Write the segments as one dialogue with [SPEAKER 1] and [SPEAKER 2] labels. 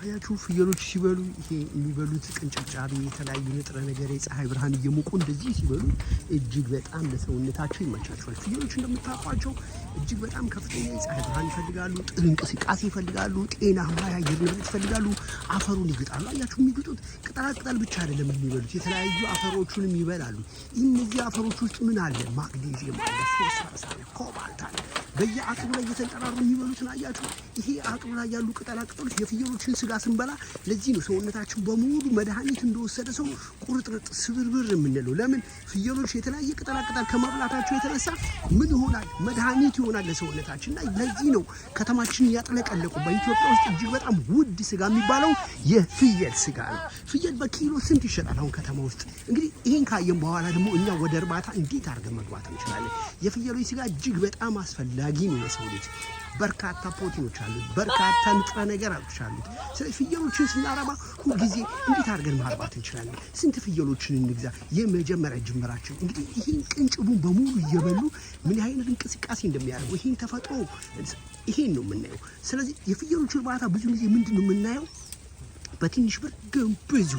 [SPEAKER 1] አያችሁ ፍየሎች ሲበሉ ይሄ የሚበሉት ቅንጭብጫቢ የተለያዩ ንጥረ ነገር የፀሐይ ብርሃን እየሞቁ እንደዚህ ሲበሉ እጅግ በጣም ለሰውነታቸው ይመቻቸዋል። ፍየሎች እንደምታውቋቸው እጅግ በጣም ከፍተኛ የፀሐይ ብርሃን ይፈልጋሉ፣ ጥሩ እንቅስቃሴ ይፈልጋሉ፣ ጤናማ የአየር ንብረት ይፈልጋሉ። አፈሩን ይግጣሉ። አያችሁ የሚግጡት ቅጠል ብቻ አይደለም የሚበሉት፣ የተለያዩ አፈሮቹንም ይበላሉ። እነዚህ አፈሮች ውስጥ ምን አለ? ማግኔዚየም አለ፣ ፎስፈረስ አለ፣ ኮባልት አለ። በየአጥሩ ላይ እየተንጠራሩ የሚበሉትን አያችሁ ይሄ አቅም ላይ ያሉ ቅጠላቅጠሎች የፍየሎችን ስጋ ስንበላ ለዚህ ነው ሰውነታችን በሙሉ መድኃኒት እንደወሰደ ሰው ቁርጥርጥ ስብርብር የምንለው። ለምን ፍየሎች የተለያየ ቅጠላቅጠል ከመብላታቸው የተነሳ ምን ይሆናል? መድኃኒት ይሆናል ለሰውነታችን። እና ለዚህ ነው ከተማችን እያጥለቀለቁ በኢትዮጵያ ውስጥ እጅግ በጣም ውድ ስጋ የሚባለው የፍየል ስጋ ነው። ፍየል በኪሎ ስንት ይሸጣል አሁን ከተማ ውስጥ? እንግዲህ ይህን ካየን በኋላ ደግሞ እኛ ወደ እርባታ እንዴት አድርገን መግባት እንችላለን? የፍየሎች ስጋ እጅግ በጣም አስፈላጊ ነው ለሰው ልጅ። በርካታ ፕሮቲኖች አሉት፣ በርካታ ንጥረ ነገር አሉት። ስለዚህ ፍየሎችን ስናረባ ሁልጊዜ እንዴት አድርገን ማርባት እንችላለን? ስንት ፍየሎችን እንግዛ? የመጀመሪያ ጅምራችን እንግዲህ ይህን ቅንጭቡን በሙሉ እየበሉ ምን አይነት እንቅስቃሴ እንደሚያደርጉ ይህን ተፈጥሮ ይሄን ነው የምናየው። ስለዚህ የፍየሎች እርባታ ብዙ ጊዜ ምንድን ነው የምናየው በትንሽ ብር ገንበዙ።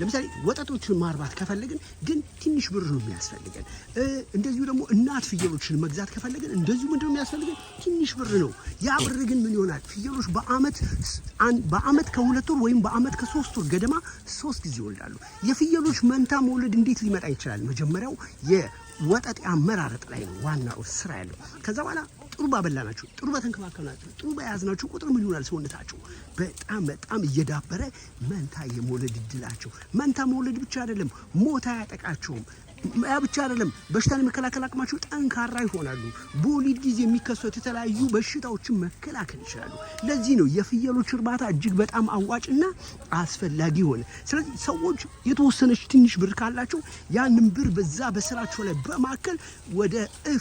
[SPEAKER 1] ለምሳሌ ወጠጦችን ማርባት ከፈለግን ግን ትንሽ ብር ነው የሚያስፈልገን። እንደዚሁ ደግሞ እናት ፍየሎችን መግዛት ከፈለግን እንደዚሁ ምንድነው የሚያስፈልገን? ትንሽ ብር ነው። ያ ብር ግን ምን ይሆናል? ፍየሎች በአመት በአመት ከሁለት ወር ወይም በአመት ከሶስት ወር ገደማ ሶስት ጊዜ ይወልዳሉ። የፍየሎች መንታ መውለድ እንዴት ሊመጣ ይችላል? መጀመሪያው የወጠጤ አመራረጥ ላይ ነው ዋናው ስራ ያለው። ከዛ በኋላ ጥሩ ባበላናችሁ፣ ጥሩ በተንከባከብናችሁ፣ ጥሩ በያዝናችሁ ቁጥር ምን ይሆናል? ሰውነታችሁ በጣም በጣም እየዳበረ መንታ የመውለድ እድላችሁ መንታ መውለድ ብቻ አይደለም ሞታ አያጠቃችሁም። ብቻ አይደለም በሽታን የመከላከል አቅማቸው ጠንካራ ይሆናሉ። በወሊድ ጊዜ የሚከሰቱ የተለያዩ በሽታዎችን መከላከል ይችላሉ። ለዚህ ነው የፍየሎች እርባታ እጅግ በጣም አዋጭና አስፈላጊ ሆነ። ስለዚህ ሰዎች የተወሰነች ትንሽ ብር ካላቸው ያንን ብር በዛ በስራቸው ላይ በማከል ወደ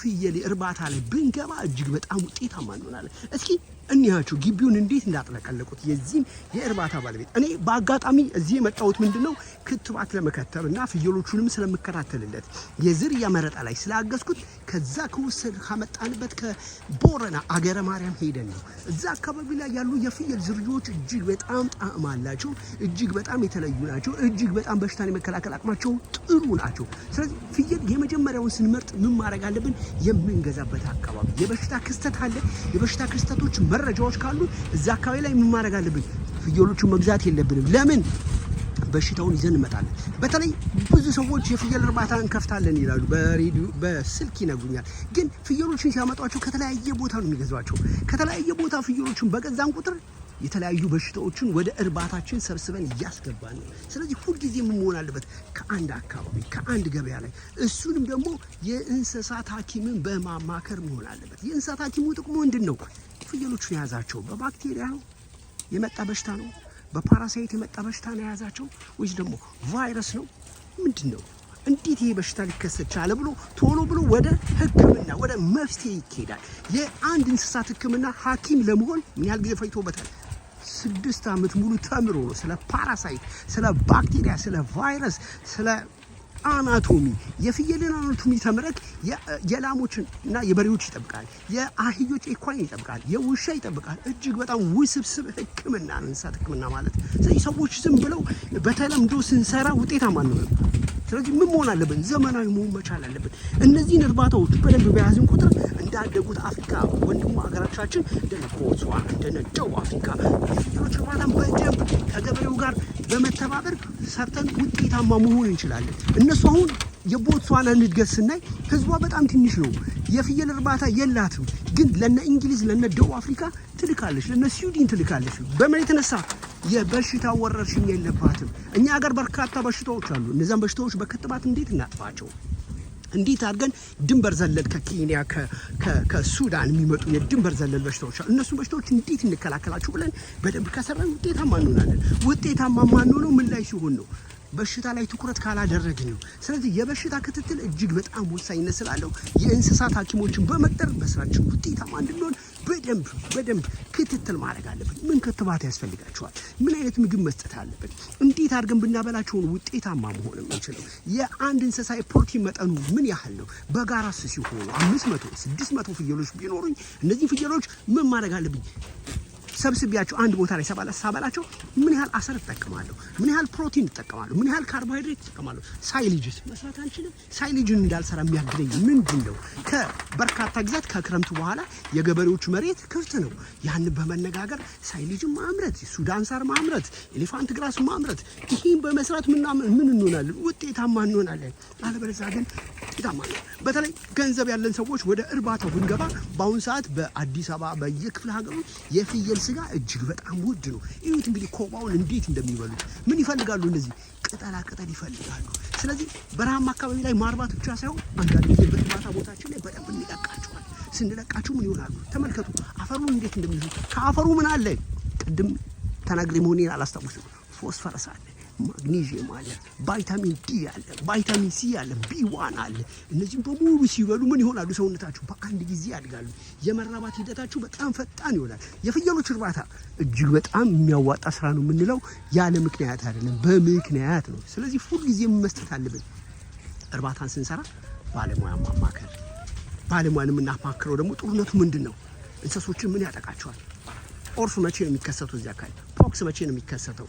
[SPEAKER 1] ፍየል እርባታ ላይ ብንገባ እጅግ በጣም ውጤታማ እንሆናለን። እስኪ እኒያችሁ ግቢውን እንዴት እንዳጥለቀለቁት የዚህን የእርባታ ባለቤት እኔ በአጋጣሚ እዚህ የመጣሁት ምንድን ነው ክትባት ለመከተብ እና ፍየሎቹንም ስለምከታተልለት የዝርያ መረጣ ላይ ስላገዝኩት ከዛ ከወሰድ ካመጣንበት ከቦረና አገረ ማርያም ሄደን ነው። እዛ አካባቢ ላይ ያሉ የፍየል ዝርያዎች እጅግ በጣም ጣዕም አላቸው። እጅግ በጣም የተለዩ ናቸው። እጅግ በጣም በሽታን የመከላከል አቅማቸው ጥሩ ናቸው። ስለዚህ ፍየል የመጀመሪያውን ስንመርጥ ምን ማድረግ አለብን? የምንገዛበት አካባቢ የበሽታ ክስተት አለ። የበሽታ ክስተቶች መረጃዎች ካሉ እዛ አካባቢ ላይ ምን ማድረግ አለብን? ፍየሎቹን መግዛት የለብንም። ለምን በሽታውን ይዘን እንመጣለን። በተለይ ብዙ ሰዎች የፍየል እርባታ እንከፍታለን ይላሉ፣ በሬዲዮ በስልክ ይነግሩኛል። ግን ፍየሎችን ሲያመጧቸው ከተለያየ ቦታ ነው የሚገዟቸው። ከተለያየ ቦታ ፍየሎችን በገዛን ቁጥር የተለያዩ በሽታዎችን ወደ እርባታችን ሰብስበን እያስገባን ነው። ስለዚህ ሁልጊዜ የምንሆን መሆን አለበት? ከአንድ አካባቢ ከአንድ ገበያ ላይ እሱንም ደግሞ የእንስሳት ሐኪምን በማማከር መሆን አለበት። የእንስሳት ሐኪሙ ጥቅሙ ምንድን ነው? ፍየሎቹን የያዛቸው በባክቴሪያ ነው የመጣ በሽታ ነው፣ በፓራሳይት የመጣ በሽታ ነው የያዛቸው ወይስ ደግሞ ቫይረስ ነው? ምንድን ነው? እንዴት ይሄ በሽታ ሊከሰት ቻለ ብሎ ቶሎ ብሎ ወደ ሕክምና ወደ መፍትሄ ይካሄዳል። የአንድ እንስሳት ሕክምና ሐኪም ለመሆን ምን ያህል ጊዜ ፈጅቶበታል? ስድስት ዓመት ሙሉ ተምሮ ነው ስለ ፓራሳይት፣ ስለ ባክቴሪያ፣ ስለ ቫይረስ፣ ስለ አናቶሚ የፍየልን አናቶሚ ተምረክ የላሞችን እና የበሬዎች ይጠብቃል፣ የአህዮች ኢኳይን ይጠብቃል፣ የውሻ ይጠብቃል። እጅግ በጣም ውስብስብ ሕክምና እንስሳት ሕክምና ማለት። ስለዚህ ሰዎች ዝም ብለው በተለምዶ ስንሰራ ውጤታማ አንሆንም። ስለዚህ ምን መሆን አለብን? ዘመናዊ መሆን መቻል አለብን። እነዚህን እርባታዎች በደንብ በያዝን ቁጥር እንዳደጉት አፍሪካ ወንድሞ ሀገራቻችን እንደነ ቦትስዋና እንደነ ደቡብ አፍሪካ ሌሎች ግባታን በደንብ ከገበሬው ጋር በመተባበር ሰርተን ውጤታማ መሆን እንችላለን። እነሱ አሁን የቦትስዋናን እድገት ስናይ ህዝቧ በጣም ትንሽ ነው። የፍየል እርባታ የላትም፣ ግን ለነ እንግሊዝ ለነ ደቡብ አፍሪካ ትልካለች፣ ለነ ስዊድን ትልካለች። በምን የተነሳ የበሽታ ወረርሽኝ የለባትም። እኛ ሀገር በርካታ በሽታዎች አሉ። እነዚያን በሽታዎች በክትባት እንዴት እናጥፋቸው? እንዴት አድርገን ድንበር ዘለል ከኬንያ ከሱዳን የሚመጡ የድንበር ዘለል በሽታዎች አሉ። እነሱ በሽታዎች እንዴት እንከላከላቸው ብለን በደንብ ከሰራን ውጤታማ እንሆናለን። ውጤታማ ማንሆነው ምን ላይ ሲሆን ነው? በሽታ ላይ ትኩረት ካላደረግን ነው። ስለዚህ የበሽታ ክትትል እጅግ በጣም ወሳኝነት ስላለው የእንስሳት ሐኪሞችን በመቅጠር በስራችን ውጤታማ እንድንሆን በደንብ በደንብ ክትትል ማድረግ አለብን። ምን ክትባት ያስፈልጋቸዋል? ምን አይነት ምግብ መስጠት አለብን? እንዴት አድርገን ብናበላቸውን ውጤታማ መሆን የምንችለው? የአንድ እንስሳ የፕሮቲን መጠኑ ምን ያህል ነው? በጋራስ ሲሆኑ አምስት መቶ ስድስት መቶ ፍየሎች ቢኖሩኝ እነዚህ ፍየሎች ምን ማድረግ አለብኝ? ሰብስቢያቸው አንድ ቦታ ላይ ሰባላ ሳበላቸው ምን ያህል አሰር እጠቀማለሁ፣ ምን ያህል ፕሮቲን እጠቀማለሁ፣ ምን ያህል ካርቦሃይድሬት እጠቀማለሁ። ሳይሊጅስ መስራት አልችልም። ሳይልጅን እንዳልሰራ የሚያግደኝ ምንድን ነው? ከበርካታ ግዛት ከክረምቱ በኋላ የገበሬዎቹ መሬት ክፍት ነው። ያን በመነጋገር ሳይልጅን ማምረት፣ ሱዳን ሳር ማምረት፣ ኤሌፋንት ግራስ ማምረት፣ ይህን በመስራት ምን እንሆናለን? ውጤታማ እንሆናለን። አለበለዚያ ግን ውጤታማ ነው። በተለይ ገንዘብ ያለን ሰዎች ወደ እርባታው ብንገባ በአሁኑ ሰዓት በአዲስ አበባ በየክፍለ ሀገሩ የፍየል ስጋ እጅግ በጣም ውድ ነው። ይሁት እንግዲህ ኮባውን እንዴት እንደሚበሉት ምን ይፈልጋሉ? እንደዚህ ቅጠላ ቅጠል ይፈልጋሉ። ስለዚህ በረሃማ አካባቢ ላይ ማርባት ብቻ ሳይሆን አንዳንድ ጊዜ በእርባታ ቦታችን ላይ በደንብ እንለቃቸዋል። ስንለቃቸው ምን ይሆናሉ? ተመልከቱ፣ አፈሩን እንዴት እንደሚይዙ ከአፈሩ ምን አለ? ቅድም ተናግሬ መሆኔን አላስታውስም። ፎስፈረስ አለ ማግኔዥየም አለ፣ ቫይታሚን ዲ አለ፣ ቫይታሚን ሲ አለ፣ ቢ ዋን አለ። እነዚህም በሙሉ ሲበሉ ምን ይሆናሉ? ሰውነታችሁ በአንድ ጊዜ ያድጋሉ። የመራባት ሂደታችሁ በጣም ፈጣን ይሆናል። የፍየሎች እርባታ እጅግ በጣም የሚያዋጣ ስራ ነው የምንለው ያለ ምክንያት አይደለም፣ በምክንያት ነው። ስለዚህ ሁል ጊዜ መስጠት አለብን። እርባታን ስንሰራ ባለሙያ ማማከር። ባለሙያን የምናማክረው ደግሞ ጥሩነቱ ምንድን ነው? ምን ያጠቃቸዋል? ኦርፍ መቼ ነው የሚከሰተው እዚህ አካባቢ ፖክስ መቼ ነው የሚከሰተው?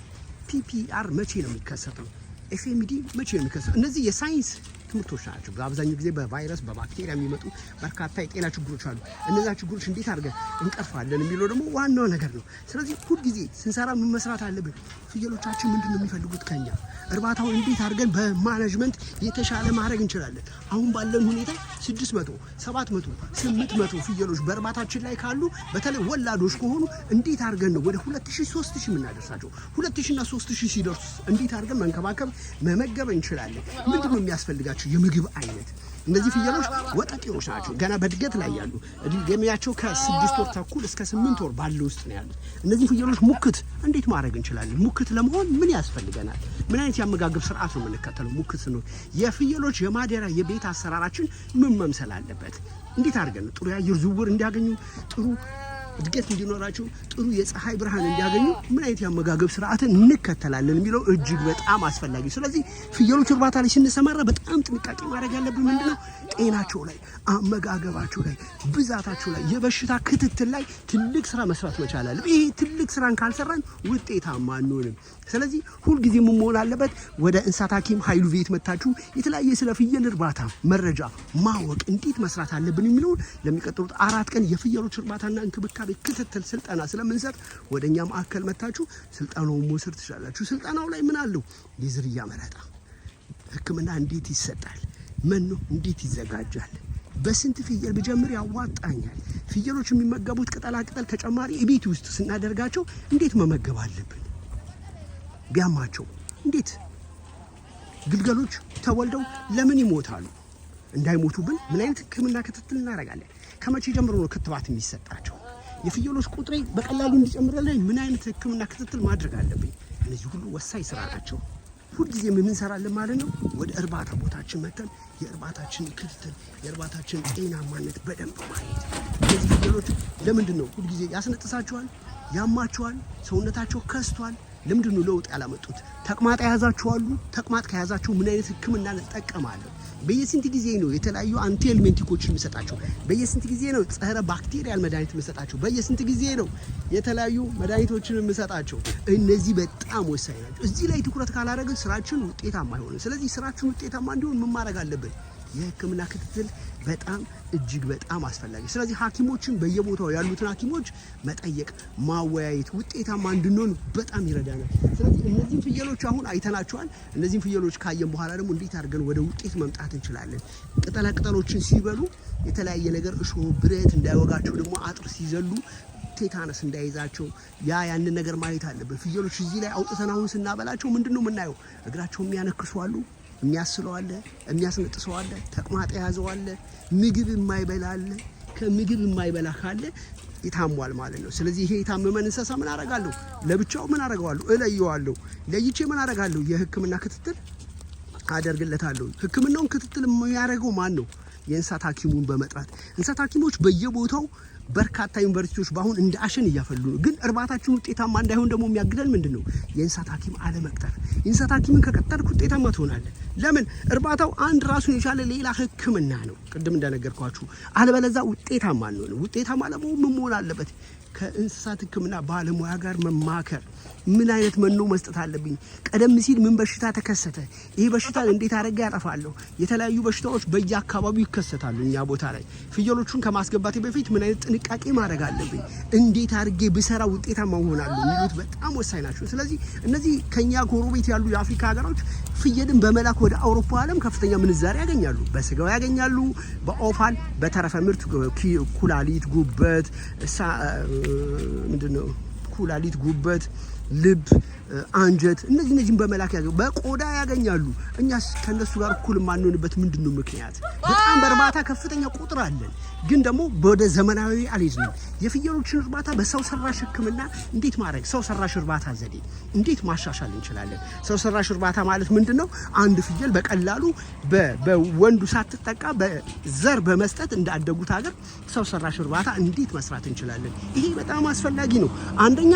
[SPEAKER 1] ፒፒአር መቼ ነው የሚከሰተው? ኤፍኤምዲ መቼ ነው የሚከሰተው? እነዚህ የሳይንስ ትምህርቶች ናቸው። በአብዛኛው ጊዜ በቫይረስ በባክቴሪያ የሚመጡ በርካታ የጤና ችግሮች አሉ። እነዛ ችግሮች እንዴት አድርገን እንቀርፋለን የሚለው ደግሞ ዋናው ነገር ነው። ስለዚህ ሁልጊዜ ስንሰራ ምን መስራት አለብን? ፍየሎቻችን ምንድን ነው የሚፈልጉት ከኛ? እርባታው እንዴት አድርገን በማናጅመንት የተሻለ ማድረግ እንችላለን? አሁን ባለን ሁኔታ ስድስት መቶ ሰባት መቶ ስምንት መቶ ፍየሎች በእርባታችን ላይ ካሉ በተለይ ወላዶች ከሆኑ እንዴት አድርገን ነው ወደ ሁለት ሺህ ሶስት ሺህ የምናደርሳቸው? ሁለት ሺህ እና ሶስት ሺህ ሲደርሱ እንዴት አድርገን መንከባከብ መመገብ እንችላለን? ምንድን ነው የሚያስፈልጋቸው ናቸው የምግብ አይነት። እነዚህ ፍየሎች ወጠጤዎች ናቸው፣ ገና በእድገት ላይ ያሉ እድሜያቸው ከስድስት ወር ተኩል እስከ ስምንት ወር ባለ ውስጥ ነው ያሉት። እነዚህ ፍየሎች ሙክት እንዴት ማድረግ እንችላለን? ሙክት ለመሆን ምን ያስፈልገናል? ምን አይነት የአመጋገብ ስርዓት ነው የምንከተለው? ሙክት ነው የፍየሎች የማደሪያ የቤት አሰራራችን ምን መምሰል አለበት? እንዴት አድርገን ጥሩ የአየር ዝውውር እንዲያገኙ ጥሩ እድገት እንዲኖራቸው ጥሩ የፀሐይ ብርሃን እንዲያገኙ ምን አይነት የአመጋገብ ስርዓትን እንከተላለን የሚለው እጅግ በጣም አስፈላጊ። ስለዚህ ፍየሎች እርባታ ላይ ስንሰማራ በጣም ጥንቃቄ ማድረግ ያለብን ምንድነው? ጤናቸው ላይ፣ አመጋገባቸው ላይ፣ ብዛታቸው ላይ፣ የበሽታ ክትትል ላይ ትልቅ ስራ መስራት መቻል አለብን። ይሄ ትልቅ ስራን ካልሰራን ውጤታማ አንሆንም። ስለዚህ ሁልጊዜ ምን መሆን አለበት? ወደ እንስሳት ሐኪም ኃይሉ ቤት መታችሁ የተለያየ ስለ ፍየል እርባታ መረጃ ማወቅ እንዴት መስራት አለብን የሚለውን ለሚቀጥሉት አራት ቀን የፍየሎች እርባታና እንክብካቤ የግንዛቤ ክትትል ስልጠና ስለምንሰጥ ወደ እኛ ማዕከል መታችሁ ስልጠናውን መውሰድ ትችላላችሁ። ስልጠናው ላይ ምን አለው? የዝርያ መረጣ፣ ህክምና እንዴት ይሰጣል፣ መኖ እንዴት ይዘጋጃል በስንት ፍየል ብጀምር ያዋጣኛል? ፍየሎች የሚመገቡት ቅጠላቅጠል ተጨማሪ ቤት ውስጥ ስናደርጋቸው እንዴት መመገብ አለብን? ቢያማቸው እንዴት ግልገሎች ተወልደው ለምን ይሞታሉ? እንዳይሞቱብን ምን አይነት ህክምና ክትትል እናደርጋለን? ከመቼ ጀምሮ ነው ክትባት የሚሰጣቸው? የፍየሎች ቁጥሬ በቀላሉ እንዲጨምርልኝ ምን አይነት ህክምና ክትትል ማድረግ አለብኝ? እነዚህ ሁሉ ወሳኝ ስራ ናቸው። ሁልጊዜም እንሰራለን ማለት ነው። ወደ እርባታ ቦታችን መተን የእርባታችን ክትትል፣ የእርባታችን ጤናማነት በደንብ ማየት። እነዚህ ፍየሎች ለምንድን ነው ሁልጊዜ ያስነጥሳቸዋል፣ ያማቸዋል፣ ሰውነታቸው ከስቷል? ለምንድን ነው ለውጥ ያላመጡት? ተቅማጥ የያዛችኋሉ? ተቅማጥ ከያዛችሁ ምን አይነት ህክምና ልጠቀማለሁ? በየስንት ጊዜ ነው የተለያዩ አንቲ ኤልሜንቲኮችን የምሰጣቸው? በየስንት ጊዜ ነው ጸረ ባክቴሪያል መድኃኒት የሚሰጣቸው? በየስንት ጊዜ ነው የተለያዩ መድኃኒቶችን የምሰጣቸው? እነዚህ በጣም ወሳኝ ናቸው። እዚህ ላይ ትኩረት ካላደረግን ስራችን ውጤታማ አይሆንም። ስለዚህ ስራችን ውጤታማ እንዲሆን ምን ማድረግ አለብን? የህክምና ክትትል በጣም እጅግ በጣም አስፈላጊ። ስለዚህ ሐኪሞችን በየቦታው ያሉትን ሐኪሞች መጠየቅ፣ ማወያየት ውጤታማ እንድንሆን በጣም ይረዳናል። ስለዚህ እነዚህን ፍየሎች አሁን አይተናቸዋል። እነዚህን ፍየሎች ካየን በኋላ ደግሞ እንዴት አድርገን ወደ ውጤት መምጣት እንችላለን። ቅጠለ ቅጠሎችን ሲበሉ የተለያየ ነገር እሾህ፣ ብረት እንዳይወጋቸው ደግሞ አጥር ሲዘሉ ቴታነስ እንዳይዛቸው ያ ያንን ነገር ማየት አለብን። ፍየሎች እዚህ ላይ አውጥተን አሁን ስናበላቸው ምንድን ነው የምናየው? እግራቸው የሚያነክሱ አሉ የሚያስለው አለ፣ የሚያስነጥሰው አለ፣ ተቅማጥ የያዘው አለ፣ ምግብ የማይበላ አለ። ከምግብ የማይበላ ካለ ይታሟል ማለት ነው። ስለዚህ ይሄ የታመመን እንስሳ ምን አረጋለሁ? ለብቻው ምን አረጋዋለሁ? እለየዋለሁ። ለይቼ ምን አረጋለሁ? የህክምና ክትትል አደርግለታለሁ። ህክምናውን ክትትል የሚያደርገው ማን ነው? የእንስሳት ሐኪሙን በመጥራት እንስሳት ሐኪሞች በየቦታው በርካታ ዩኒቨርሲቲዎች በአሁን እንደ አሸን እያፈሉ ነው። ግን እርባታችን ውጤታማ እንዳይሆን ደግሞ የሚያግደን ምንድን ነው? የእንስሳት ሐኪም አለመቅጠር። የእንስሳት ሐኪምን ከቀጠርክ ውጤታማ ትሆናለህ። ለምን? እርባታው አንድ ራሱን የቻለ ሌላ ሕክምና ነው። ቅድም እንደነገርኳችሁ፣ አለበለዛ ውጤታማ አንሆንም። ውጤታማ ለመሆን ምን መሆን አለበት? ከእንስሳት ሕክምና ባለሙያ ጋር መማከር፣ ምን አይነት መኖ መስጠት አለብኝ፣ ቀደም ሲል ምን በሽታ ተከሰተ፣ ይህ በሽታን እንዴት አድርጌ ያጠፋለሁ። የተለያዩ በሽታዎች በየአካባቢው ይከሰታሉ። እኛ ቦታ ላይ ፍየሎቹን ከማስገባቴ በፊት ምን አይነት ጥንቃቄ ማድረግ አለብኝ፣ እንዴት አድርጌ ብሰራ ውጤታማ እሆናለሁ የሚሉት በጣም ወሳኝ ናቸው። ስለዚህ እነዚህ ከኛ ጎረቤት ያሉ የአፍሪካ ሀገሮች ፍየልን በመላክ ወደ አውሮፓ ዓለም ከፍተኛ ምንዛሬ ያገኛሉ። በስጋው ያገኛሉ፣ በኦፋል በተረፈ ምርት ኩላሊት፣ ጉበት ምንድን ነው ኩላሊት፣ ጉበት ልብ፣ አንጀት እነዚህ እነዚህን በመላክ ያገ በቆዳ ያገኛሉ። እኛስ ከነሱ ጋር እኩል ማንሆንበት ምንድን ነው ምክንያት? በጣም በእርባታ ከፍተኛ ቁጥር አለን፣ ግን ደግሞ ወደ ዘመናዊ አልሄድንም። የፍየሎችን እርባታ በሰው ሰራሽ ሕክምና እንዴት ማድረግ ሰው ሰራሽ እርባታ ዘዴ እንዴት ማሻሻል እንችላለን? ሰው ሰራሽ እርባታ ማለት ምንድን ነው? አንድ ፍየል በቀላሉ በወንዱ ሳትጠቃ በዘር በመስጠት እንዳደጉት ሀገር ሰው ሰራሽ እርባታ እንዴት መስራት እንችላለን? ይሄ በጣም አስፈላጊ ነው። አንደኛ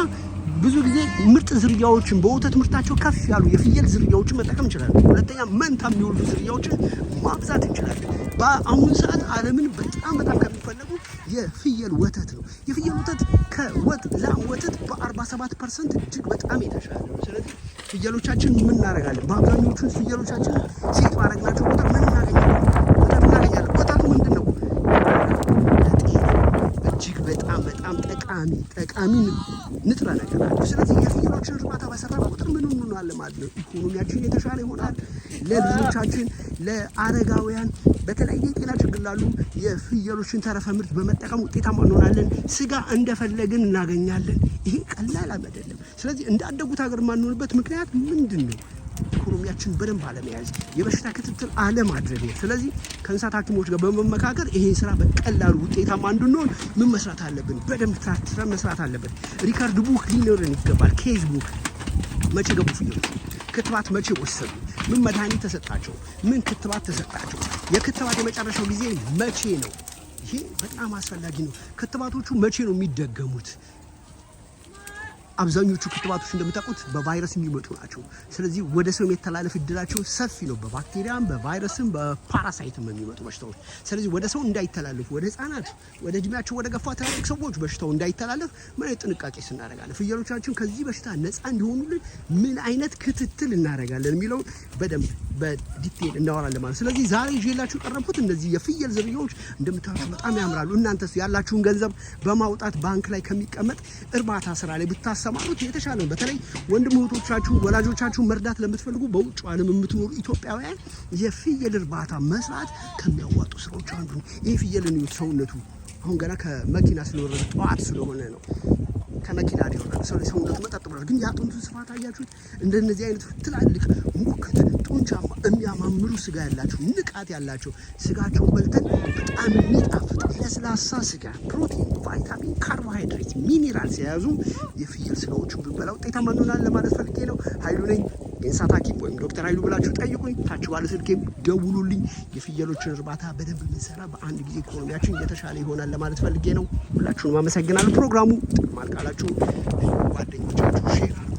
[SPEAKER 1] ብዙ ጊዜ ምርጥ ዝርያዎችን በወተት ምርታቸው ከፍ ያሉ የፍየል ዝርያዎችን መጠቀም እንችላለን። ሁለተኛ መንታ የሚወልዱ ዝርያዎችን ማብዛት እንችላለን። በአሁኑ ሰዓት ዓለምን በጣም በጣም ከሚፈለጉ የፍየል ወተት ነው። የፍየል ወተት ከወጥ ላም ወተት በ47 ፐርሰንት እጅግ በጣም የተሻለ ነው። ስለዚህ ፍየሎቻችን ምን እናደርጋለን? በአብዛኞቹ ፍየሎቻችን ሴት ባረግናቸው ቁጥር ምን እናገኛለን? ወተት እናገኛለን። ወተቱ ምንድን ነው? ለጤና እጅግ በጣም በጣም ጠቃሚ ጠቃሚ ነው። ንጥረ ነገር አለ። ስለዚህ የፍየሎችን እርባታ በሰራ ቁጥር ምን እንሆናለን ማለት ነው? ኢኮኖሚያችን የተሻለ ይሆናል። ለልጆቻችን፣ ለአረጋውያን፣ በተለያየ የጤና ችግር ላሉ የፍየሎችን ተረፈ ምርት በመጠቀም ውጤታማ እንሆናለን። ስጋ እንደፈለግን እናገኛለን። ይሄ ቀላል አይደለም። ስለዚህ እንዳደጉት ሀገር ማንሆንበት ምክንያት ምንድን ነው? አካባቢያችን በደንብ አለመያዝ፣ የበሽታ ክትትል አለማድረግ ነው። ስለዚህ ከእንስሳት ሐኪሞች ጋር በመመካከር ይሄን ስራ በቀላሉ ውጤታማ እንድንሆን ምን መስራት አለብን? በደንብ ስራ መስራት አለብን። ሪከርድ ቡክ ሊኖረን ይገባል። ኬዝ ቡክ መቼ ገቡ ፍየሎች፣ ክትባት መቼ ወሰዱ፣ ምን መድኃኒት ተሰጣቸው፣ ምን ክትባት ተሰጣቸው፣ የክትባት የመጨረሻው ጊዜ መቼ ነው? ይሄ በጣም አስፈላጊ ነው። ክትባቶቹ መቼ ነው የሚደገሙት? አብዛኞቹ ክትባቶች እንደምታውቁት በቫይረስ የሚመጡ ናቸው። ስለዚህ ወደ ሰው የተላለፈ እድላቸው ሰፊ ነው። በባክቴሪያም፣ በቫይረስም፣ በፓራሳይትም የሚመጡ በሽታዎች። ስለዚህ ወደ ሰው እንዳይተላለፉ ወደ ህጻናት፣ ወደ እድሜያቸው ወደ ገፋ ትላልቅ ሰዎች በሽታው እንዳይተላለፍ ምን አይነት ጥንቃቄ ስናደርጋለን፣ ፍየሎቻችን ከዚህ በሽታ ነፃ እንዲሆኑልን ምን አይነት ክትትል እናደርጋለን የሚለውን በደንብ በዲቴል እናወራለን ማለት። ስለዚህ ዛሬ ይዤላችሁ ቀረብኩት እነዚህ የፍየል ዝርያዎች እንደምታዩት በጣም ያምራሉ። እናንተስ ያላችሁን ገንዘብ በማውጣት ባንክ ላይ ከሚቀመጥ እርባታ ስራ ላይ ብታሳ ብትሰማሩት የተሻለ ነው። በተለይ ወንድም እህቶቻችሁ፣ ወላጆቻችሁ መርዳት ለምትፈልጉ በውጭ ዓለም የምትኖሩ ኢትዮጵያውያን የፍየል እርባታ መስራት ከሚያዋጡ ስራዎች አንዱ ነው። ይህ ፍየልን ሰውነቱ አሁን ገና ከመኪና ስለወረደ ጠዋት ስለሆነ ነው ከመኪና ይሆናል። ሰው ሰውነት መጠጥ ብሏል። ግን የአጥንቱን ስፋት አያችሁት? እንደነዚህ አይነት ትላልቅ ሙከት ጡንቻማ የሚያማምሩ ስጋ ያላቸው ንቃት ያላቸው ስጋቸውን በልተን በጣም የሚጣፍጥ ለስላሳ ስጋ፣ ፕሮቲን፣ ቫይታሚን፣ ካርቦሃይድሬት፣ ሚኒራል የያዙ የፍየል ስጋዎቹ ብንበላ ውጤታማ እንሆናለን ለማለት ፈልጌ ነው። ኃይሉ ነኝ። የእንስሳት ሐኪም ወይም ዶክተር ኃይሉ ብላችሁ ጠይቁኝ። ታች ባለ ስልኬም ደውሉልኝ። የፍየሎችን እርባታ በደንብ የምንሰራ በአንድ ጊዜ ኢኮኖሚያችን የተሻለ ይሆናል ለማለት ፈልጌ ነው። ሁላችሁንም አመሰግናለሁ። ፕሮግራሙ ጥቅም አልካላችሁ ጓደኞቻችሁ ሼር